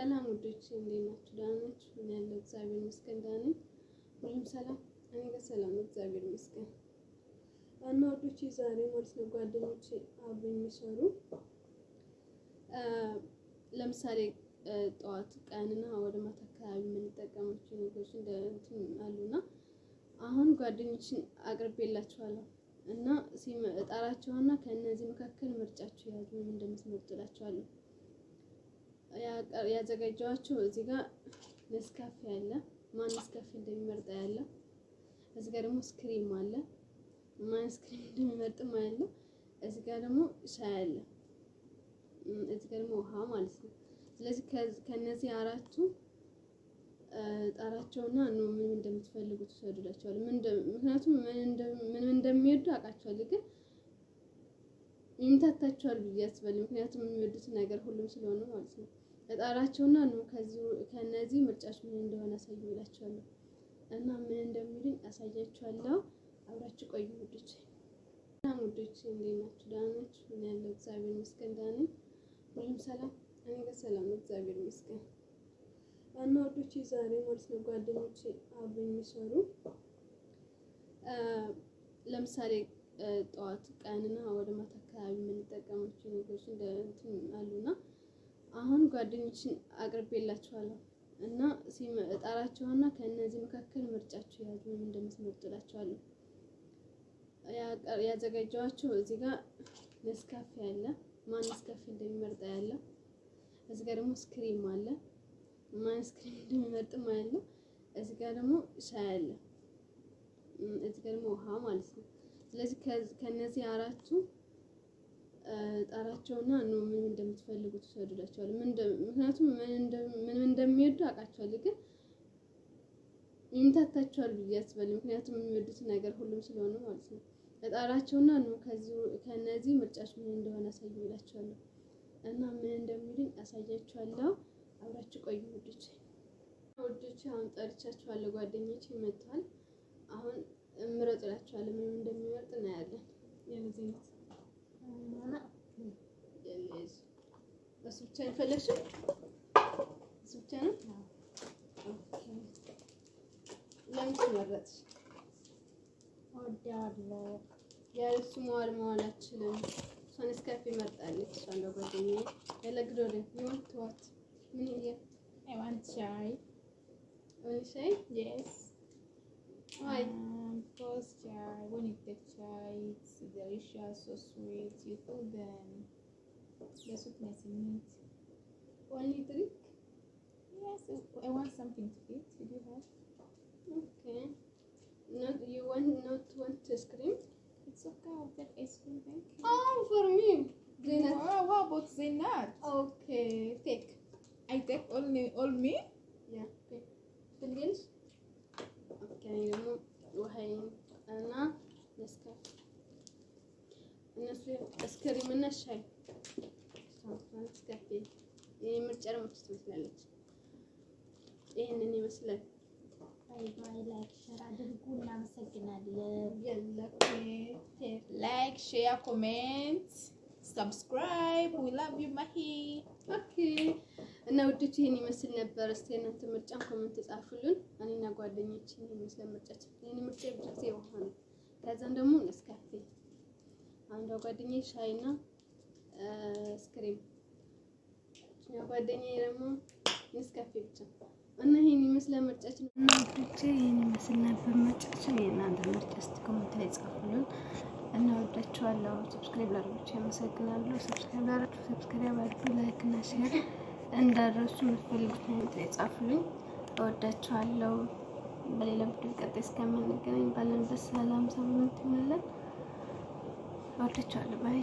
ሰላም ውዶች እንዴት ናችሁ? ደህና ናችሁ? እኔ ያለው እግዚአብሔር ይመስገን ደህና ነኝ። ሁሉም ሰላም እኔ ጋር ሰላም እግዚአብሔር ይመስገን። እና ውዶች ዛሬ ማለት ነው ጓደኞች አብሮ የሚሰሩ ለምሳሌ ጠዋት፣ ቀንና ወደ ማታ አካባቢ የምንጠቀማቸው ነገሮች እንትን አሉና አሁን ጓደኞችን አቅርቤላችኋለሁ እና እጠራቸውና ከእነዚህ መካከል ምርጫችሁ ያዙ እንደምትመርጡ እላችኋለሁ። ያዘጋጀኋቸው እዚህ ጋር ነስካፌ አለ። ማን ነስካፌ እንደሚመርጥ ያለ። እዚህ ጋር ደግሞ ስክሪም አለ። ማን ስክሪም እንደሚመርጥም ያለ። እዚህ ጋር ደግሞ ሻይ አለ። እዚህ ጋር ደግሞ ውሃ ማለት ነው። ስለዚህ ከነዚህ አራቱ ጣራቸውና ነው ምን እንደምትፈልጉት ትወዱላቸዋል። ምክንያቱም ምን እንደሚወዱ አውቃቸዋለሁ ግን ይምታታቸዋል ብዬ አስባለሁ። ምክንያቱም የሚወዱት ነገር ሁሉም ስለሆነ ማለት ነው። እጣራቸውና ነው ከነዚህ ምርጫች ምን እንደሆነ አሳዩ ይላቸዋለሁ እና ምን እንደሚሉኝ አሳያቸዋለሁ። አብራችሁ ቆዩ ውዶች። ሰላም ውዶች፣ እንዴት ናችሁ? ደህና ናችሁ? ምን ያለው እግዚአብሔር ይመስገን ደህና ነኝ። ሁሉም ሰላም፣ እኔ ጋር ሰላም እግዚአብሔር ይመስገን። እና ውዶች ዛሬ ማለት ነው ጓደኞች አብረው የሚሰሩ ለምሳሌ ጠዋት ቀንና ወደ ማታ አካባቢ የምንጠቀማቸው ነገሮች እንትን አሉና አሁን ጓደኞችን አቅርቤላችኋለሁ እና እጠራችኋና ከእነዚህ መካከል ምርጫቸው ያዙ ምን እንደምትመርጡ እላችኋለሁ። እዚህ ጋር ነስካፌ ያለ ማን ነስካፌ እንደሚመርጥ ያለ እዚህ ጋር ደግሞ ስክሪም አለ። ማን ስክሪም እንደሚመርጥም አያለ። እዚህ ጋር ደግሞ ሻይ አለ። እዚህ ጋር ደግሞ ውሃ ማለት ነው። ስለዚህ ከነዚህ አራቱ ጣራቸውና ኖ ምን እንደምትፈልጉ ትወድዳቸዋል። ምክንያቱም ምን እንደሚወዱ አውቃቸዋለሁ፣ ግን ይምታታቸዋል ብዬ አስባለሁ። ምክንያቱም የሚወዱት ነገር ሁሉም ስለሆነ ማለት ነው። በጣራቸውና ነው ከነዚህ ምርጫች ምን እንደሆነ አሳዩ ይላቸዋለሁ እና ምን እንደሚሉኝ አሳያቸዋለሁ። አብራችሁ ቆዩ ውዶች። ውዶች አሁን ጠርቻችኋለሁ፣ ጓደኞች ይመጣል አሁን ምረጥ እላቸዋለሁ። ምንም እንደሚመርጥ እናያለን። እሱ ብቻ የፈለግሽው እሱ ብቻ ነው። ለምን ትመረጥሽ? እወዳለሁ ያለሱ መዋል መዋል አልችልም። እሷን እስካፌ መርጣለች። እሷን ጓደኛዬ ያለግዶደ ይሁን ትዋት ምን ይሄ አይዋንት ሻይ ሻይ የስ ዋይ first chai, when you take chai, it's delicious, so sweet. You feel them, the sweetness in it. Only drink? Yes, I want something to eat. Did you have? Okay. Not you want not want to scream? It's okay. I'll take ice cream. Thank you. Oh, for me. Zainat. Oh, what about Zainat? Okay, take. I take only all All me? ነስካፍ እነሱ እስክሪም እና ሻይ ነስካፌ የኔ ምርጫ ደግሞ ትመስላለች። ይህንን ይመስላል። ላይክ ሼር፣ ኮሜንት፣ ሰብስክራይብ ዊ ላቭ ዩ ማሂ እና ውዶች ይህን ይመስል ነበር። እስቲ እናንተ ምርጫን ኮሜንት ጻፉልን። እኔና ጓደኞች ይህን ይመስላል ምርጫችን። ይህን ምርጫ ብዙ ጊዜ ውሃ ነው ከዛም ደግሞ ነስካፌ አንዷ ጓደኛዬ ሻይና ስክሪም ያ ጓደኛዬ ደግሞ ነስካፌ ብቻ እና ይሄን ይመስላል ምርጫችን። እና ወዳጆቼ ይሄን ይመስል ነበር ምርጫችን። የእናንተ ምርጫ እስቲ ኮሜንት ላይ ጻፉልን። እና ወዳችኋለሁ። ሰብስክራይብ ላድርጉት። አመሰግናለሁ። ሰብስክራይብ ላድርጉት። ሰብስክራይብ አድርጉ። ላይክ እና ሼር እንዳረሱ የምትፈልጉት ኮሜንት ላይ ጻፉልኝ። እወዳችኋለሁ። በሌላ ቪዲዮ ቀጣይ እስከምንገናኝ ባለንበት ሰላም ሳምንት ይሆንልን። ወዳችኋለሁ። ባይ